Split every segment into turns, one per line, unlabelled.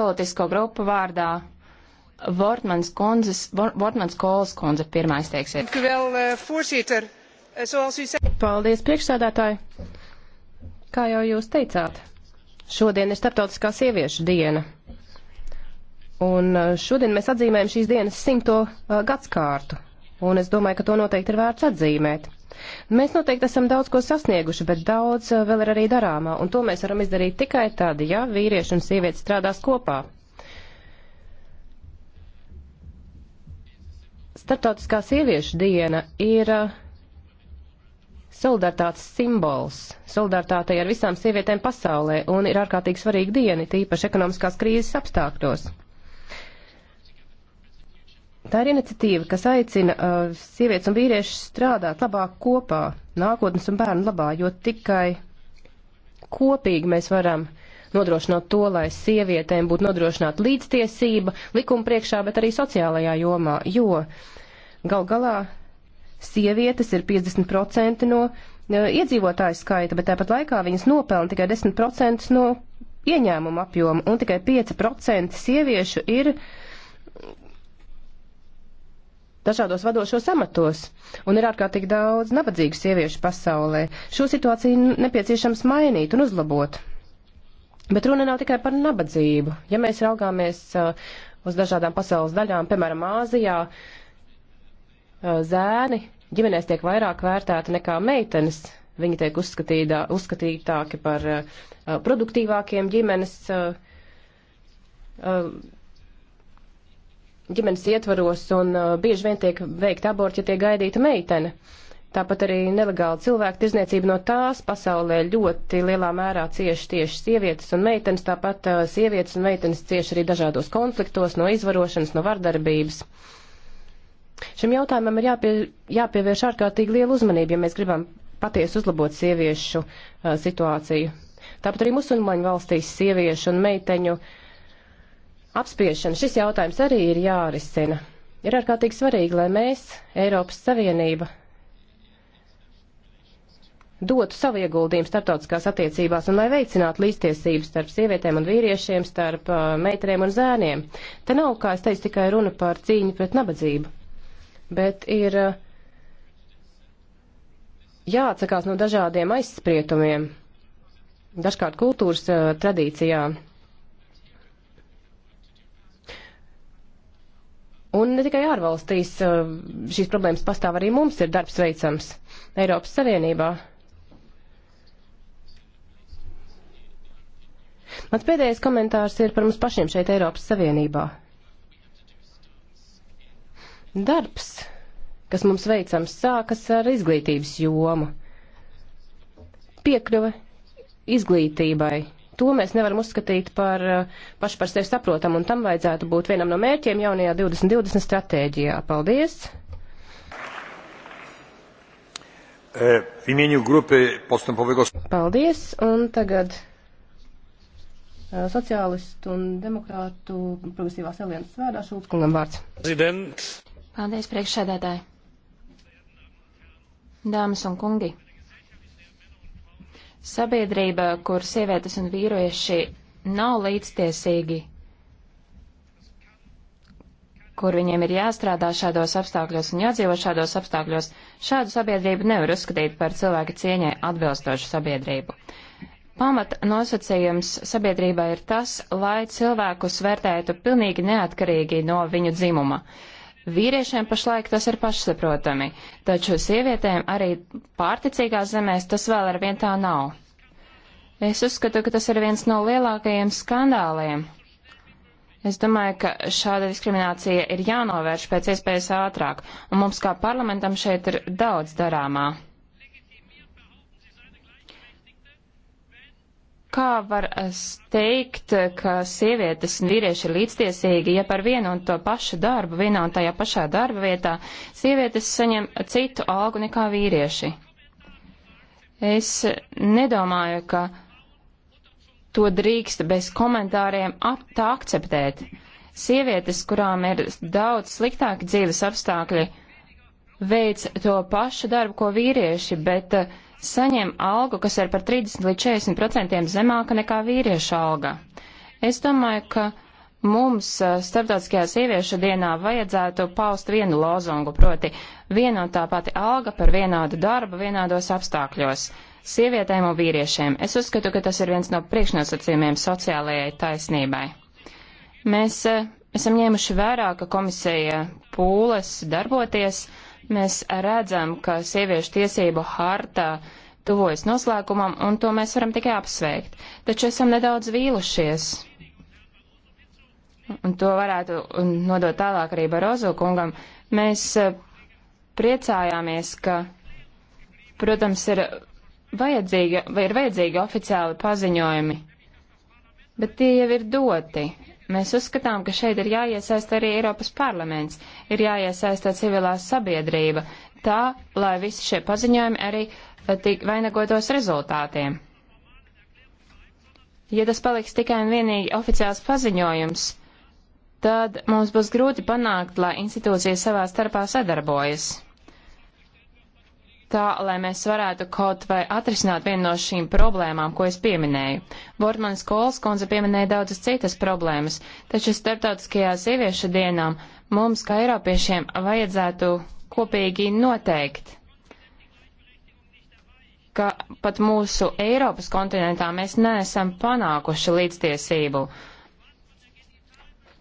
politisko grupu vārdā Vortmans kundzes, Vortmans Kolas kundze pirmā izteiksies.
Eh, eh,
Paldies, priekšsādātāji! Kā jau jūs teicāt, šodien ir starptautiskā sieviešu diena. Un eh, šodien mēs atzīmējam šīs dienas simto gadskārtu. Un es domāju, ka to noteikti ir vērts atzīmēt. Mēs noteikti esam daudz ko sasnieguši, bet daudz eh, vēl ir arī darāmā, un to mēs varam izdarīt tikai tad, ja vīrieši un sievietes strādās kopā. Startautiskā sieviešu diena ir eh, solidaritātes simbols, solidaritātei ar visām sievietēm pasaulē, un ir ārkārtīgi svarīga diena, tīpaši ekonomiskās krīzes apstākļos. Tā ir iniciatīva, kas aicina uh, sievietes un vīriešus strādāt labāk kopā, nākotnes un bērnu labā, jo tikai kopīgi mēs varam nodrošināt to, lai sievietēm būtu nodrošināta līdztiesība likuma priekšā, bet arī sociālajā jomā, jo gal galā sievietes ir 50% no uh, iedzīvotāju skaita, bet tāpat laikā viņas nopelna tikai 10% no ieņēmuma apjoma, un tikai 5% sieviešu ir dažādos vadošos amatos, un ir ārkārtīgi daudz nabadzīgu sieviešu pasaulē. Šo situāciju nepieciešams mainīt un uzlabot. Bet runa nav tikai par nabadzību. Ja mēs raugāmies uh, uz dažādām pasaules daļām, piemēram, Āzijā, uh, zēni ģimenēs tiek vairāk vērtēti nekā meitenes. Viņi tiek uzskatītā, uzskatītāki par uh, uh, produktīvākiem ģimenes. Uh, uh, ģimenes ietvaros un uh, bieži vien tiek veikta aborti, ja tiek gaidīta meitene. Tāpat arī nelegāla cilvēka tirzniecība no tās pasaulē ļoti lielā mērā cieši tieši sievietes un meitenes, tāpat uh, sievietes un meitenes cieši arī dažādos konfliktos, no izvarošanas, no vardarbības. Šim jautājumam ir jāpie, jāpievērš ārkārtīgi liela uzmanība, ja mēs gribam patiesi uzlabot sieviešu uh, situāciju. Tāpat arī musulmaņu valstīs sieviešu un meiteņu uh, apspiešana. Šis jautājums arī ir jārisina. Ir ārkārtīgi svarīgi, lai mēs, Eiropas Savienība, dotu savu ieguldījumu starptautiskās attiecībās un lai veicinātu līdztiesības starp sievietēm un vīriešiem, starp uh, meitiem un zēniem. Te nav, kā es teicu, tikai runa par cīņu pret nabadzību, bet ir uh, jāatsakās no dažādiem aizsprietumiem, dažkārt kultūras uh, tradīcijām Un ne tikai ārvalstīs uh, šīs problēmas pastāv, arī mums ir darbs veicams Eiropas Savienībā. Mans pēdējais komentārs ir par mums pašiem šeit Eiropas Savienībā. Darbs, kas mums veicams, sākas ar izglītības jomu. Piekļuve izglītībai to mēs nevaram uzskatīt par eh, pašu par sevi saprotam, un tam vajadzētu būt vienam no mērķiem jaunajā 2020 stratēģijā. Paldies!
W e, imieniu grupy postępowego.
Paldies, un tagad eh, sociālistu un demokrātu progresīvās alianses vārdā Šulckungam vārds. Prezident. Paldies, priekšsēdētāji.
Dāmas un kungi. Sabiedrība, kur sievietes un vīrieši nav līdztiesīgi, kur viņiem ir jāstrādā šādos apstākļos un jādzīvo šādos apstākļos, šādu sabiedrību nevar uzskatīt par cilvēka cieņai atbilstošu sabiedrību. Pamat nosacījums sabiedrībā ir tas, lai cilvēkus vērtētu pilnīgi neatkarīgi no viņu dzimuma. Uh, Vīriešiem pašlaik tas ir pašsaprotami, taču sievietēm arī pārticīgās zemēs tas vēl ar vien tā nav. Es uzskatu, ka tas ir viens no lielākajiem skandāliem. Es domāju, ka šāda diskriminācija ir jānovērš pēc iespējas ātrāk, un mums kā parlamentam šeit ir daudz darāmā. Kā var eh, teikt, ka sievietes un vīrieši ir līdztiesīgi, ja par vienu un to pašu darbu vienā un tajā pašā darba vietā sievietes saņem citu algu nekā vīrieši? Es nedomāju, ka to drīkst bez komentāriem tā akceptēt. Sievietes, kurām ir daudz sliktāki dzīves apstākļi, veic to pašu darbu, ko vīrieši, bet uh, saņem algu, kas ir par 30 līdz 40% zemāka nekā vīrieša alga. Es domāju, ka mums eh, starptautiskajā sieviešu dienā vajadzētu paust vienu lozungu, proti vienotā pati alga par vienādu darbu vienādos apstākļos sievietēm un vīriešiem. Es uzskatu, ka tas ir viens no priekšnosacījumiem sociālajai taisnībai. Mēs eh, esam ņēmuši vērā, ka komisija pūles darboties Mēs redzam, ka sieviešu tiesību harta tuvojas noslēgumam, un to mēs varam tikai apsveikt. Taču esam nedaudz vīlušies. Un to varētu nodot tālāk arī Barozo kungam. Mēs eh, priecājāmies, ka, protams, ir vajadzīga, vai ir vajadzīgi oficiāli paziņojumi, bet tie jau ir doti. Mēs uzskatām, ka šeit ir jāiesaista arī Eiropas parlaments, ir jāiesaista civilā sabiedrība, tā, lai visi šie paziņojumi arī eh, tik vainagotos rezultātiem. Ja tas paliks tikai un vienīgi oficiāls paziņojums, tad mums būs grūti panākt, lai institūcijas savā starpā sadarbojas tā, lai mēs varētu kaut vai atrisināt vienu no šīm problēmām, ko es pieminēju. Bortmanis Kols kundze pieminēja daudzas citas problēmas, taču starptautiskajā sieviešu dienām mums, kā Eiropiešiem, vajadzētu kopīgi noteikt, ka pat mūsu Eiropas kontinentā mēs neesam panākuši līdztiesību.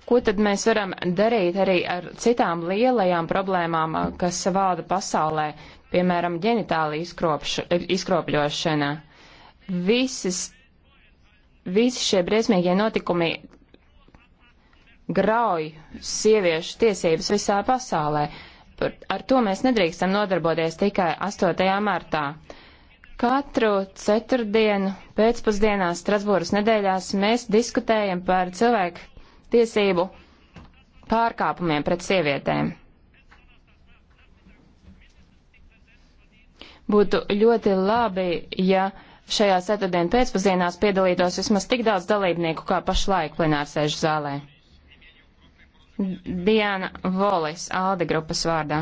Ko tad mēs varam darīt arī ar citām lielajām problēmām, kas valda pasaulē, piemēram, ģenitāla izkropļošana. Visas, visi šie briesmīgie notikumi grauj sieviešu tiesības visā pasaulē. Par, ar to mēs nedrīkstam nodarboties tikai 8. martā. Katru ceturtdienu pēcpusdienā Strasbūras nedēļās mēs diskutējam par cilvēku tiesību pārkāpumiem pret sievietēm. Būtu ļoti labi, ja šajā ceturtdien pēcpazienās piedalītos vismaz tik daudz dalībnieku kā pašlaik plenārsēžu zālē. Diana Volis, Alde grupas vārdā.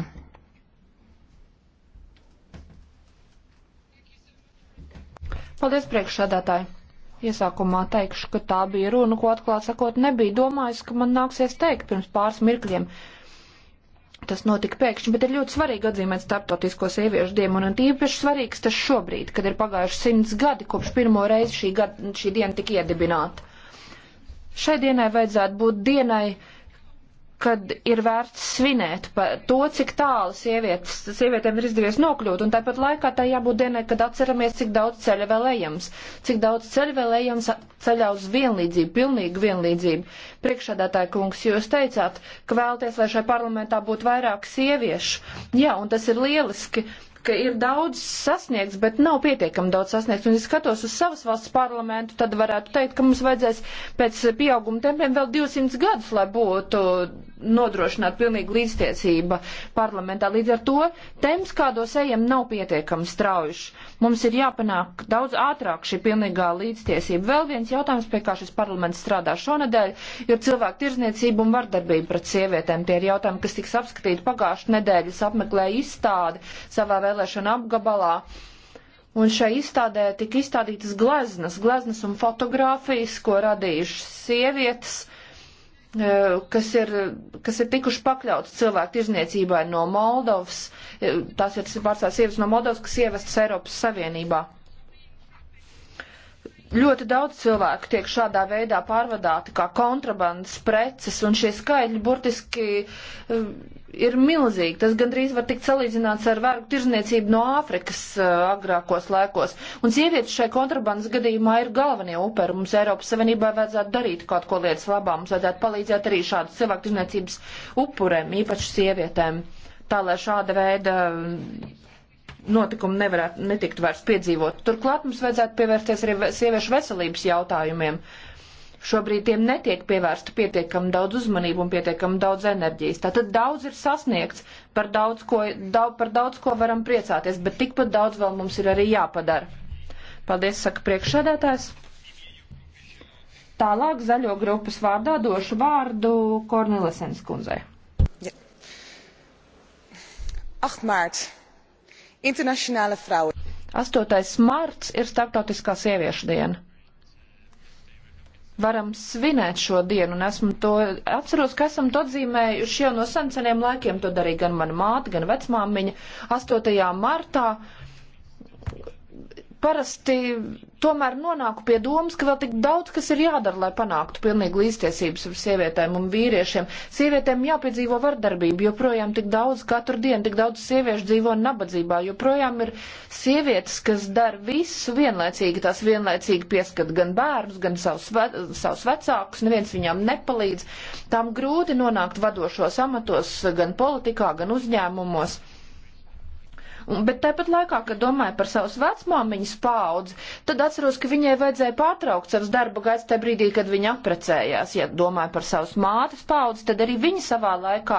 Paldies, priekšsādātāji! Iesākumā teikšu, ka tā bija runa, ko atklāt sakot nebija domājis, ka man nāksies teikt pirms pāris mirkļiem. Uh, Tas notika pēkšņi, bet ir ļoti svarīgi atzīmēt starptautisko sieviešu dienu, un tīpaši svarīgs tas šobrīd, kad ir pagājuši simts gadi, kopš pirmo reizi šī, gada, šī diena tika iedibināta. Šai dienai vajadzētu būt dienai, uh, kad ir vērts svinēt par to, cik tālu sievietes, sievietēm ir izdevies nokļūt, un tāpat laikā tā jābūt dienai, kad atceramies, cik daudz ceļa vēl ejams, cik daudz ceļa vēl ejams ceļā uz vienlīdzību, pilnīgu vienlīdzību. Priekšādātāja kungs, jūs teicāt, ka vēlties, lai šai parlamentā būtu vairāk sieviešu. Jā, un tas ir lieliski, ka ir daudz sasniegts, bet nav pietiekami daudz sasniegts. Un, ja skatos uz savas valsts parlamentu, tad varētu teikt, ka mums vajadzēs pēc pieauguma tempiem vēl 200 gadus, lai būtu nodrošināta pilnīga līdztiesība parlamentā. Līdz ar to temps, kādos ejam, nav pietiekami straujuši. Mums ir jāpanāk daudz ātrāk šī pilnīgā līdztiesība. Vēl viens jautājums, pie kā šis parlaments strādā šonadēļ, ir cilvēku tirzniecība un vardarbība pret sievietēm. Tie ir jautājumi, kas tiks apskatīti pagājušajā nedēļas apmeklē izstādi savā vēl vēlēšana apgabalā. Un šai izstādē tika izstādītas gleznas, gleznas un fotogrāfijas, ko radījušas sievietes, e, kas ir, kas ir tikuši pakļauts cilvēku tirzniecībai no Moldovas. E, tās ir pārstāvs sievietes no Moldovas, kas ievestas Eiropas Savienībā. Ļoti daudz cilvēku tiek šādā veidā pārvadāti kā kontrabandas preces, un šie skaitļi burtiski um, ir milzīgi. Tas gandrīz var tikt salīdzināts ar vergu tirzniecību no Āfrikas uh, agrākos laikos. Un sievietes šai kontrabandas gadījumā ir galvenie uperi. Mums Eiropas Savienībā vajadzētu darīt kaut ko lietas labā. Mums vajadzētu palīdzēt arī šādu cilvēku tirzniecības upuriem, īpaši sievietēm. Tā lai šāda veida notikumi nevarētu netikt vairs piedzīvot. Turklāt mums vajadzētu pievērsties arī sieviešu veselības jautājumiem. Šobrīd tiem netiek pievērsta pietiekami daudz uzmanību un pietiekami daudz enerģijas. Tātad daudz ir sasniegts, par daudz, ko, daudz, par daudz ko varam priecāties, bet tikpat daudz vēl mums ir arī jāpadara. Paldies, saka priekšsēdētājs. Tālāk zaļo grupas vārdā došu vārdu Kornelisens kundzei. Ja. 8 maart Internationāla fraude. 8. marts ir starptautiskā sieviešu diena. Varam svinēt šo dienu, un esmu to, atceros, ka esam to dzīmējuši jau no senceniem laikiem, to darīja gan mana māte, gan vecmāmiņa. 8. martā parasti tomēr nonāku pie domas, ka vēl tik daudz, kas ir jādara, lai panāktu pilnīgu līdztiesības ar sievietēm un vīriešiem. Sievietēm jāpiedzīvo vardarbību, joprojām tik daudz katru dienu, tik daudz sieviešu dzīvo nabadzībā, joprojām ir sievietes, kas dara visu vienlaicīgi, tās vienlaicīgi pieskat gan bērnus, gan savus, ve savus vecākus, neviens viņām nepalīdz. Tām grūti nonākt vadošos amatos, gan politikā, gan uzņēmumos. Un, bet tāpat laikā, kad domāju par savas vecmāmiņas paudzi, tad atceros, ka viņai vajadzēja pārtraukt savas darba gaitas tajā brīdī, kad viņa aprecējās. Ja domāju par savas mātes paudzi, tad arī viņa savā laikā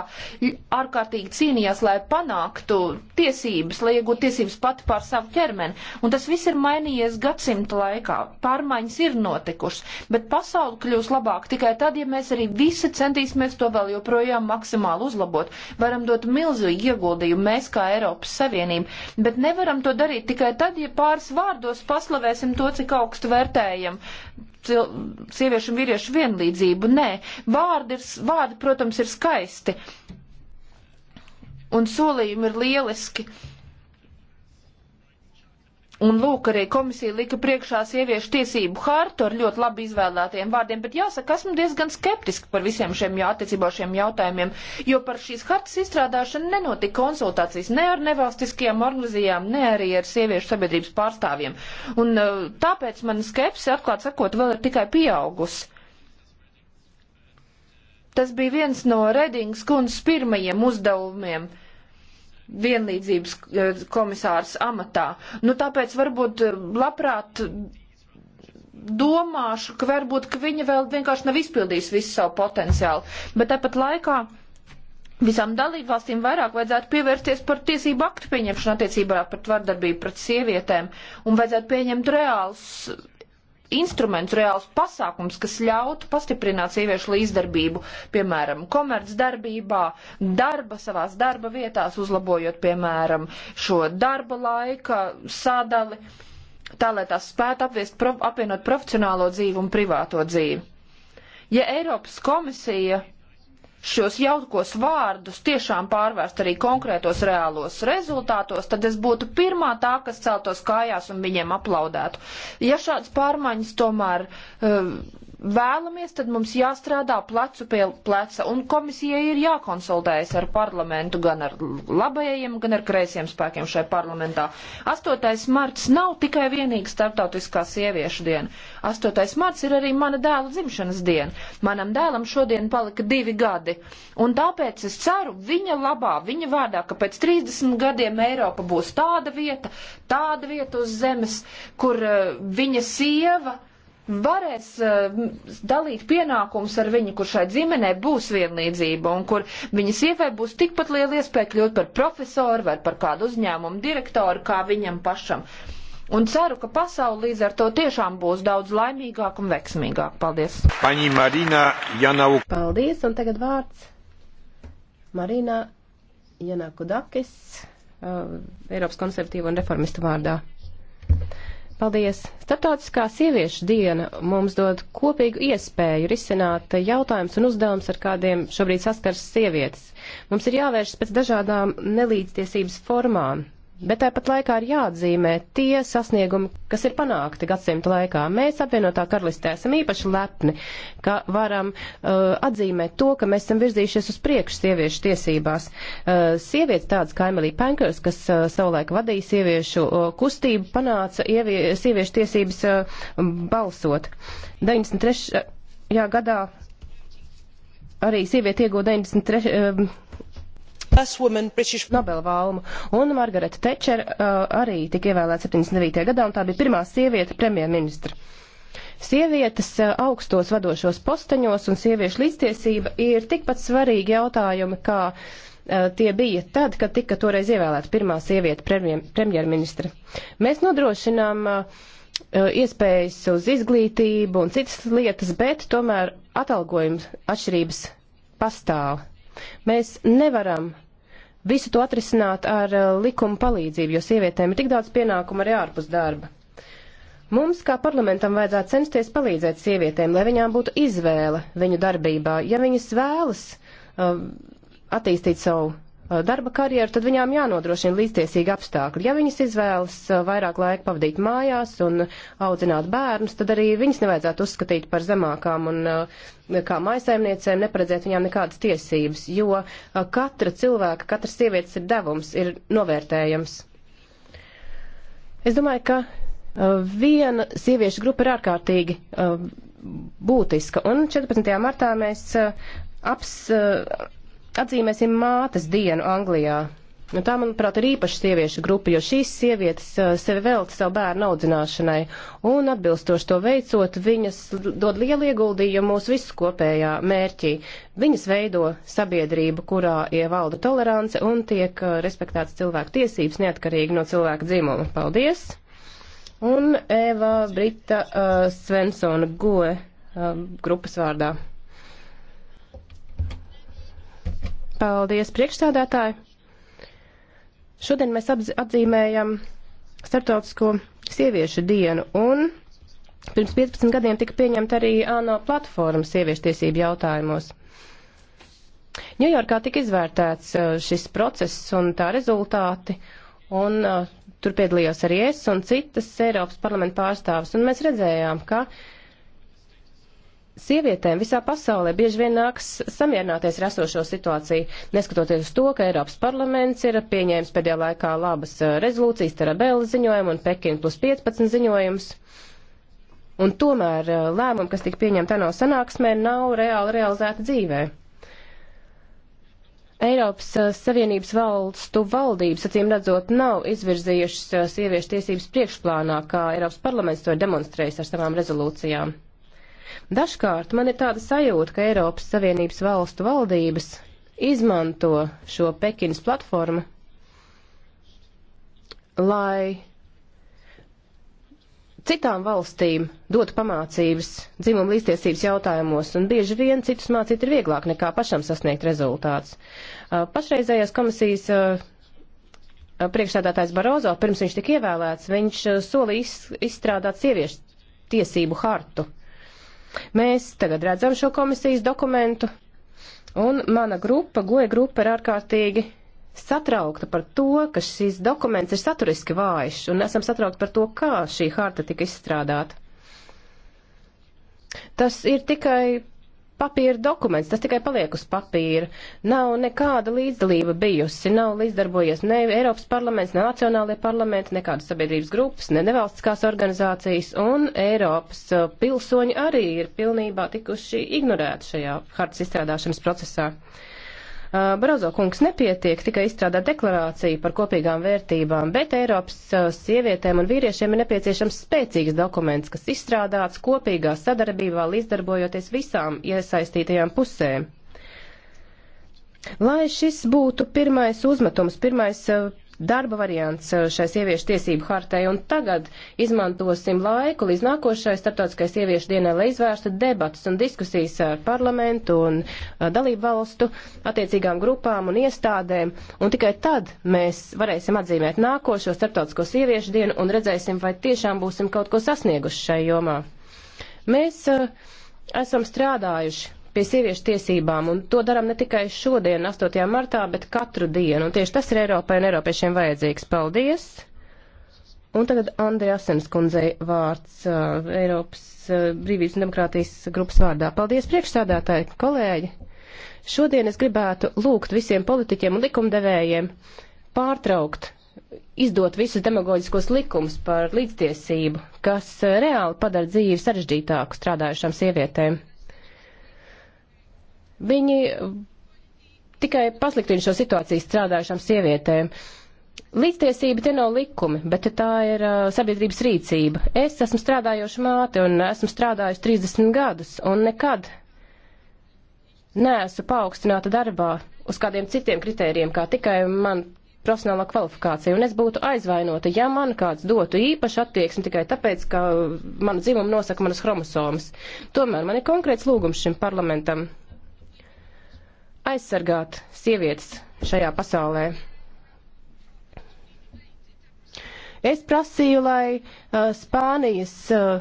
ārkārtīgi cīnījās, lai panāktu tiesības, lai iegūtu tiesības pati pār savu ķermeni. Un tas viss ir mainījies gadsimta laikā. Pārmaiņas ir notikušas, bet pasauli kļūs labāk tikai tad, ja mēs arī visi centīsimies to vēl joprojām maksimāli uzlabot. Varam dot milzīgu ieguldījumu mēs kā Eiropas Savienība līmenim, bet nevaram to darīt tikai tad, ja pāris vārdos paslavēsim to, cik augstu vērtējam cil, sieviešu un vīriešu vienlīdzību. Nē, vārdi, ir, vārdi, protams, ir skaisti. Un solījumi ir lieliski Un lūk, arī komisija lika priekšā sieviešu tiesību hartu ar ļoti labi izvēlētiem vārdiem, bet jāsaka, esmu diezgan skeptiski par visiem šiem attiecībošiem jautājumiem, jo par šīs hartas izstrādāšanu nenotika konsultācijas ne ar nevalstiskajām organizācijām, ne arī ar sieviešu sabiedrības pārstāvjiem. Un uh, tāpēc man skepsi, atklāt sakot, vēl ir tikai pieaugusi. Tas bija viens no Redings kundzes pirmajiem uzdevumiem vienlīdzības eh, komisārs amatā. Nu, tāpēc varbūt eh, labprāt domāšu, ka varbūt ka viņa vēl vienkārši nav izpildījusi visu savu potenciālu. Bet tāpat laikā visām dalībvalstīm vairāk vajadzētu pievērsties par tiesību aktu pieņemšanu attiecībā par tvardarbību pret sievietēm un vajadzētu pieņemt reāls instruments, reāls pasākums, kas ļautu pastiprināt sieviešu līdzdarbību, piemēram, komercdarbībā, darba savās darba vietās, uzlabojot, piemēram, šo darba laika sadali, tā lai tās spētu apviest, apvienot profesionālo dzīvi un privāto dzīvi. Ja Eiropas komisija šos jaukos vārdus tiešām pārvērst arī konkrētos reālos rezultātos, tad es būtu pirmā tā, kas celtos kājās un viņiem aplaudētu. Ja šāds pārmaiņas tomēr. Uh, vēlamies, tad mums jāstrādā plecu pie pleca, un komisijai ir jākonsultējas ar parlamentu, gan ar labajiem, gan ar kreisiem spēkiem šai parlamentā. 8. marts nav tikai vienīgs starptautiskā sieviešu diena. 8. marts ir arī mana dēla dzimšanas diena. Manam dēlam šodien palika divi gadi, un tāpēc es ceru viņa labā, viņa vārdā, ka pēc 30 gadiem Eiropa būs tāda vieta, tāda vieta uz zemes, kur uh, viņa sieva, varēs uh, dalīt pienākumus ar viņu, kur šai ģimenei būs vienlīdzība un kur viņa sievai būs tikpat liela iespēja kļūt par profesoru vai par kādu uzņēmumu direktoru kā viņam pašam. Un ceru, ka pasauli līdz ar to tiešām būs daudz laimīgāk un veiksmīgāk. Paldies! Paņi Marina Janau.
Paldies, un tagad vārds Marina Janakudakis, uh, Eiropas konservatīva un reformista vārdā. Paldies! Startautiskā sieviešu diena mums dod kopīgu iespēju risināt jautājumus un uzdevums, ar kādiem šobrīd saskars sievietes. Mums ir jāvēršas pēc dažādām nelīdztiesības formām, Bet tāpat laikā ir jāatzīmē tie sasniegumi, kas ir panākti gadsimta laikā. Mēs apvienotā karalistē esam īpaši lepni, ka varam uh, atzīmēt to, ka mēs esam virzījušies uz priekšu sieviešu tiesībās. Uh, sievietes tādas kā Emily Pankers, kas uh, savulaik vadīja sieviešu uh, kustību, panāca ievie, sieviešu tiesības uh, balsot. 93. Uh, jā, gadā arī sieviete iegūda 93. Uh, um, Nobelvalmu. Un Margareta Tečer uh, arī tika ievēlēta 79. gadā, un tā bija pirmā sieviete premjerministra. Sievietes uh, augstos vadošos posteņos un sieviešu līdztiesība ir tikpat svarīgi jautājumi, kā uh, tie bija tad, kad tika toreiz ievēlēta pirmā sieviete premjerministra. Mēs nodrošinām uh, iespējas uz izglītību un citas lietas, bet tomēr atalgojums atšķirības pastāv. Mēs nevaram visu to atrisināt ar eh, likuma palīdzību, jo sievietēm ir tik daudz pienākumu arī ārpus darba. Mums, kā parlamentam, vajadzētu censties palīdzēt sievietēm, lai viņām būtu izvēle viņu darbībā, ja viņas vēlas uh, attīstīt savu Uh, darba karjeru, tad viņām jānodrošina līdztiesīgi apstākļi. Ja viņas izvēlas uh, vairāk laika pavadīt mājās un audzināt bērnus, tad arī viņas nevajadzētu uzskatīt par zemākām un uh, kā maisaimniecēm neparedzēt viņām nekādas tiesības, jo katra cilvēka, katras sievietes ir devums, ir novērtējams. Es domāju, ka viena sieviešu grupa ir ārkārtīgi būtiska, un 14. martā mēs aps, Atzīmēsim mātes dienu Anglijā. Nu, tā, manuprāt, ir īpaša sieviešu grupa, jo šīs sievietes uh, sevi velta savu bērnu audzināšanai, un atbilstoši to veicot, viņas dod lielu ieguldījumu mūsu visu kopējā mērķī. Viņas veido sabiedrību, kurā ievalda tolerance un tiek uh, respektēts cilvēku tiesības neatkarīgi no cilvēka dzimuma. Paldies! Un Eva Brita uh, Svensona Goe uh, grupas vārdā. Paldies, priekšstādātāji! Šodien mēs atzīmējam Startautisko sieviešu dienu un pirms 15 gadiem tika pieņemta arī ANO platforma sieviešu tiesību jautājumos. Ņujorkā tika izvērtēts uh, šis process un tā rezultāti, un uh, tur piedalījos arī es un citas Eiropas parlamenta pārstāvis, un mēs redzējām, ka uh, Sievietēm visā pasaulē bieži vien nāks samierināties ar esošo situāciju, neskatoties uz to, ka Eiropas parlaments ir pieņēmis pēdējā laikā labas eh, rezolūcijas, Tarabela ziņojumu un Pekinu plus 15 ziņojumus. Un tomēr eh, lēmumi, kas tika pieņemti ANO sanāksmē, nav reāli realizēti dzīvē. Eiropas eh, Savienības valstu valdības, acīm redzot, nav izvirzījušas sieviešu tiesības priekšplānā, kā Eiropas parlaments to ir demonstrējis ar savām rezolūcijām. Dažkārt man ir tāda sajūta, ka Eiropas Savienības valstu valdības izmanto šo Pekinas platformu, lai citām valstīm dot pamācības dzimuma līdztiesības jautājumos, un bieži vien citus mācīt ir vieglāk nekā pašam sasniegt rezultātus. Uh, pašreizējās komisijas uh, uh, priekšstādātājs Barozo, pirms viņš tika ievēlēts, viņš solīja izstrādāt sieviešu tiesību hartu. Mēs tagad redzam šo komisijas dokumentu, un mana grupa, goja grupa, ir ārkārtīgi satraukta par to, ka šis dokuments ir saturiski vājš, un esam satraukti par to, kā šī harta tika izstrādāta. Tas ir tikai papīra dokuments, tas tikai paliek uz papīra. Nav nekāda līdzdalība bijusi, nav līdzdarbojies ne Eiropas parlaments, ne nacionālajie parlamenti, nekādas sabiedrības grupas, ne nevalstiskās organizācijas, un Eiropas uh, pilsoņi arī ir pilnībā tikuši ignorēti šajā hartas izstrādāšanas procesā. Uh, Uh, Barozo kungs nepietiek tikai izstrādāt deklarāciju par kopīgām vērtībām, bet Eiropas uh, sievietēm un vīriešiem ir nepieciešams spēcīgs dokuments, kas izstrādāts kopīgā sadarbībā līdzdarbojoties visām iesaistītajām pusēm. Lai šis būtu pirmais uzmetums, pirmais uh, darba variants eh, šai sieviešu tiesību hartai, un tagad izmantosim laiku līdz nākošai starptautiskai sieviešu dienai, lai izvērstu debatas un diskusijas ar parlamentu un eh, dalību valstu attiecīgām grupām un iestādēm, un tikai tad mēs varēsim atzīmēt nākošo starptautisko sieviešu dienu un redzēsim, vai tiešām būsim kaut ko sasnieguši šai jomā. Mēs uh, esam strādājuši pie sieviešu tiesībām, un to darām ne tikai šodien, 8. martā, bet katru dienu, un tieši tas ir Eiropai un Eiropiešiem vajadzīgs. Paldies! Un tagad Andrejasens kundzei vārds uh, Eiropas uh, brīvības un demokrātijas grupas vārdā. Paldies priekšsādātāji, kolēģi! Šodien es gribētu lūgt visiem politiķiem un likumdevējiem pārtraukt izdot visus demagoģiskos likumus par līdztiesību, kas uh, reāli padara dzīvi sarežģītāku strādājušām sievietēm. Viņi tikai pasliktina šo situāciju strādājušām sievietēm. Līdztiesība tie nav likumi, bet tā ir uh, sabiedrības rīcība. Es esmu strādājoša māte un esmu strādājusi 30 gadus un nekad neesmu paaugstināta darbā uz kādiem citiem kritērijiem, kā tikai man profesionālā kvalifikācija, un es būtu aizvainota, ja man kāds dotu īpašu attieksmi tikai tāpēc, ka manu dzimumu nosaka manas chromosomas. Tomēr man ir konkrēts lūgums šim parlamentam aizsargāt sievietes šajā pasaulē. Es prasīju, lai uh, Spānijas uh,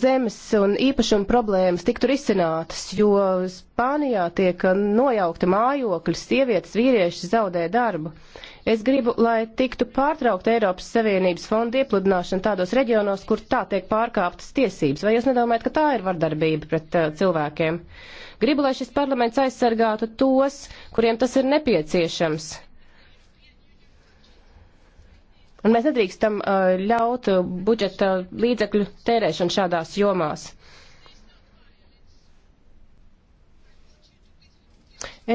zemes un īpašuma problēmas tiktu risinātas, jo Spānijā tiek uh, nojaukta mājokļi, sievietes, vīrieši zaudē darbu. Uh, Es gribu, lai tiktu pārtraukta Eiropas Savienības fonda iepludināšana tādos reģionos, kur tā tiek pārkāptas tiesības. Vai jūs nedomājat, ka tā ir vardarbība pret uh, cilvēkiem? Gribu, lai šis parlaments aizsargātu tos, kuriem tas ir nepieciešams. Un mēs nedrīkstam uh, ļaut budžeta līdzekļu tērēšanu šādās jomās.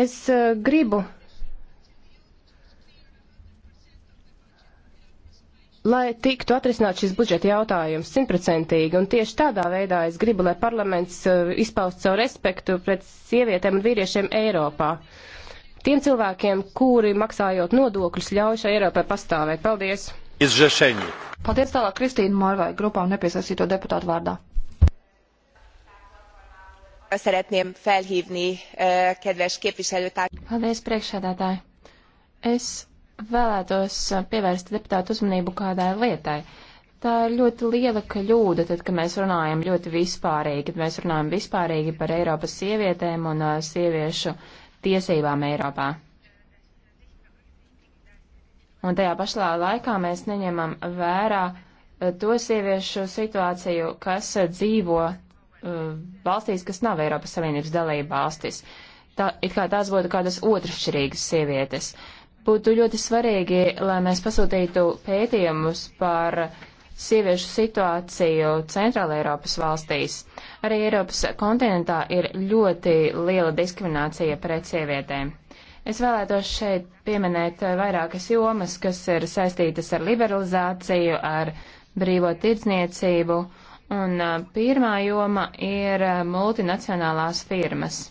Es uh, gribu lai tiktu atrisināt šis budžeta jautājums simtprocentīgi, un tieši tādā veidā es gribu, lai parlaments uh, izpaust savu respektu pret sievietēm un vīriešiem Eiropā. Tiem cilvēkiem, kuri maksājot nodokļus, ļauj šai Eiropai pastāvēt. Paldies!
Izžešeņi.
Paldies tālāk Kristīna
Morvai, grupām nepiesaistīto deputātu vārdā. Szeretném
felhívni, eh, kedves képviselőtársak. Paldies, priekšsēdētāji. Es vēlētos uh, pievērst deputātu uzmanību kādai lietai. Tā ir ļoti liela kļūda, tad, kad mēs runājam ļoti vispārīgi, kad mēs runājam vispārīgi par Eiropas sievietēm un uh, sieviešu tiesībām Eiropā. Un tajā pašā laikā mēs neņemam vērā uh, to sieviešu situāciju, kas uh, dzīvo uh, valstīs, kas nav Eiropas Savienības dalība valstis. Tā, it kā tās būtu kādas otršķirīgas sievietes. Uh, Būtu ļoti svarīgi, lai mēs pasūtītu pētījumus par sieviešu situāciju Centrāla Eiropas valstīs. Arī Eiropas kontinentā ir ļoti liela diskriminācija pret sievietēm. Es vēlētos šeit pieminēt vairākas jomas, kas ir saistītas ar liberalizāciju, ar brīvo tirdzniecību, un pirmā joma ir multinacionālās firmas.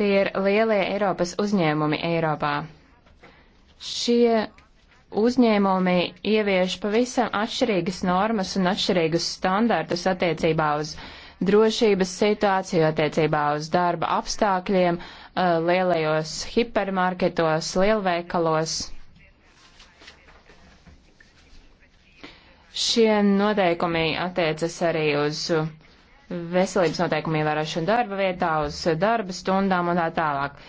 Tie ir lielie Eiropas uzņēmumi Eiropā. Šie uzņēmumi ievieš pavisam atšķirīgas normas un atšķirīgus standartus attiecībā uz drošības situāciju, attiecībā uz darba apstākļiem, uh, lielajos hipermarketos, lielveikalos. Šie noteikumi attiecas arī uz veselības noteikumu ievērošanu darba vietā, uz darba stundām un tā tālāk.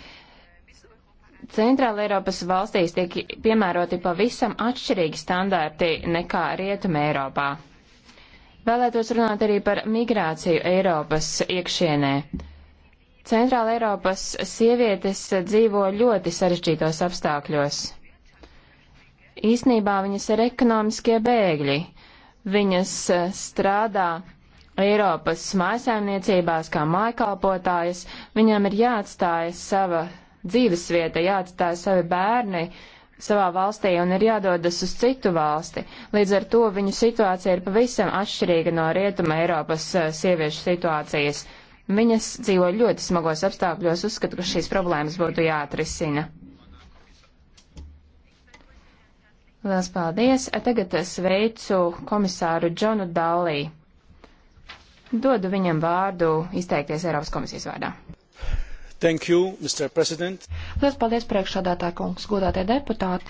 Centrāla Eiropas valstīs tiek piemēroti pavisam atšķirīgi standarti nekā Rietuma Eiropā. Vēlētos runāt arī par migrāciju Eiropas iekšienē. Centrāla Eiropas sievietes dzīvo ļoti sarežģītos apstākļos. Īsnībā viņas ir ekonomiskie bēgļi. Viņas eh, strādā Eiropas mājasēmniecībās kā mājkalpotājas, viņām ir jāatstāja sava dzīvesvieta, jāatstāja savi bērni savā valstī un ir jādodas uz citu valsti. Līdz ar to viņu situācija ir pavisam atšķirīga no Rietuma Eiropas eh, sieviešu situācijas. Viņas dzīvo ļoti smagos apstākļos, uzskatu, ka šīs problēmas būtu jāatrisina. Lielas paldies! Tagad sveicu komisāru Džonu Dallī. Dodu viņam vārdu izteikties
Eiropas komisijas vārdā. Thank you, Mr. President. Lielas paldies, priekšsādātāja kungs, godātie deputāti.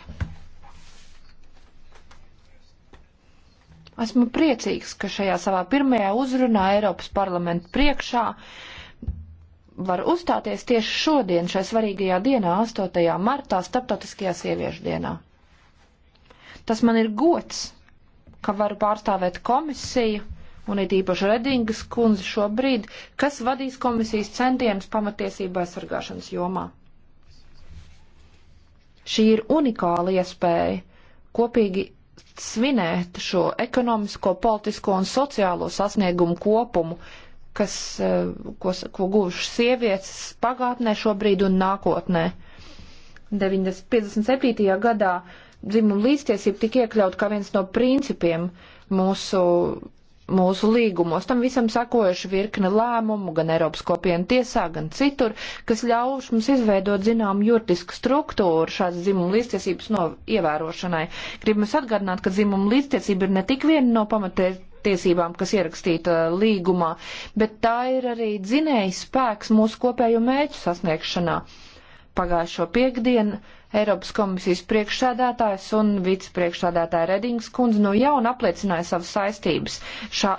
Esmu priecīgs, ka šajā savā pirmajā uzrunā Eiropas parlamenta priekšā var uzstāties tieši šodien, šai svarīgajā dienā, 8. martā, Startautiskajā sieviešu dienā. Tas man ir gods, ka varu pārstāvēt komisiju un it īpaši Redingas kundze šobrīd, kas vadīs komisijas centienus pamatiesību aizsargāšanas jomā. Šī ir unikāla iespēja kopīgi svinēt šo ekonomisko, politisko un sociālo sasniegumu kopumu, kas, eh, ko, ko guvušas sievietes pagātnē šobrīd un nākotnē. 1957. gadā dzimuma līdztiesība tika iekļaut kā viens no principiem mūsu mūsu līgumos. Tam visam sakojuši virkne lēmumu gan Eiropas kopienu tiesā, gan citur, kas ļauš mums izveidot zinām juridisku struktūru šādas dzimuma līdztiesības no ievērošanai. Gribams atgādināt, ka dzimuma līdztiesība ir ne tik viena no pamatēs tiesībām, kas ierakstīta līgumā, bet tā ir arī dzinējas spēks mūsu kopējo mēķu sasniegšanā. Uh, pagājušo piekdienu Eiropas komisijas priekšsēdētājs un vicepriekšsēdētāja Redings kundze no jauna apliecināja savas saistības šā,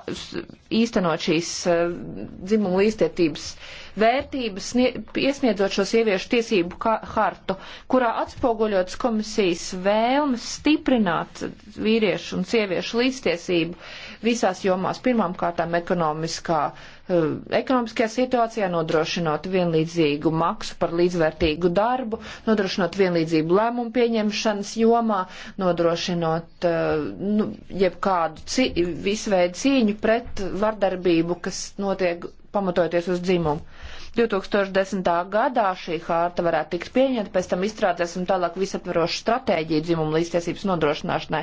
īstenot šīs uh, dzimuma līstietības vērtības, iesniedzot šo sieviešu tiesību hartu, kurā atspoguļots komisijas vēlmes stiprināt vīriešu un sieviešu līdztiesību. Uh, visās jomās. Pirmām kārtām ekonomiskā, eh, ekonomiskajā situācijā nodrošinot vienlīdzīgu maksu par līdzvērtīgu darbu, nodrošinot vienlīdzību lēmumu pieņemšanas jomā, nodrošinot eh, nu, jebkādu cī, visveidu cīņu pret vardarbību, kas notiek pamatojoties uz dzimumu. 2010. gadā šī hārta varētu tikt pieņemta, pēc tam izstrādāsim tālāk visaptverošu stratēģiju dzimumu līdztiesības nodrošināšanai.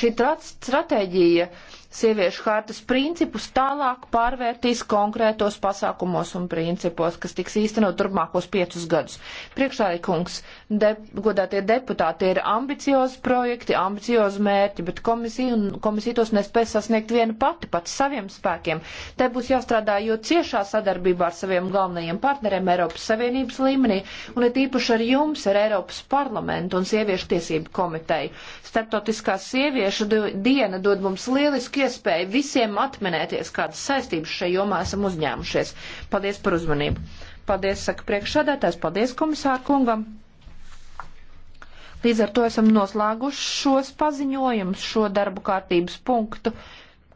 Šī stratēģija sieviešu hartas principus tālāk pārvērtīs konkrētos pasākumos un principos, kas tiks īstenot turpmākos piecus gadus. Priekšsādīkungs, de, godātie deputāti, ir ambiciozi projekti, ambiciozi mērķi, bet komisija, komisija tos nespēs sasniegt viena pati, pats saviem spēkiem. Te būs jāstrādā jo ciešā sadarbībā ar saviem galvenajiem partneriem Eiropas Savienības līmenī un ir īpaši ar jums, ar Eiropas parlamentu un sieviešu tiesību komiteju. Startautiskā sieviešu diena dod mums lielisku iespēju visiem atminēties, kādas saistības šai jomā esam uzņēmušies. Paldies par uzmanību. Paldies, saka priekšsādātājs, paldies komisāru kungam. Līdz ar to esam noslēguši šos paziņojumus, šo darbu kārtības punktu,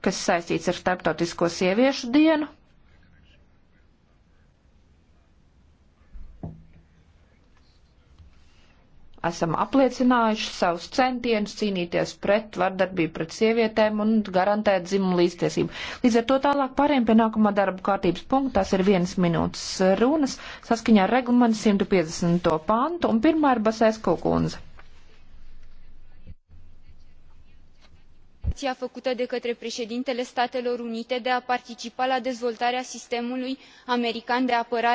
kas saistīts ar Starptautisko sieviešu dienu. esam apliecinājuši savus centienus cīnīties pret vardarbību pret sievietēm un garantēt dzimumu līdztiesību. Līdz ar to tālāk pāriem pie nākamā darba kārtības punkta, tās ir vienas minūtes runas, saskaņā ar reglamentu 150. pantu, un pirmā ir Basēs Kukunze. declaraia făcută de către preedintele statelor unite de a participa la dezvoltarea sistemului american de apărare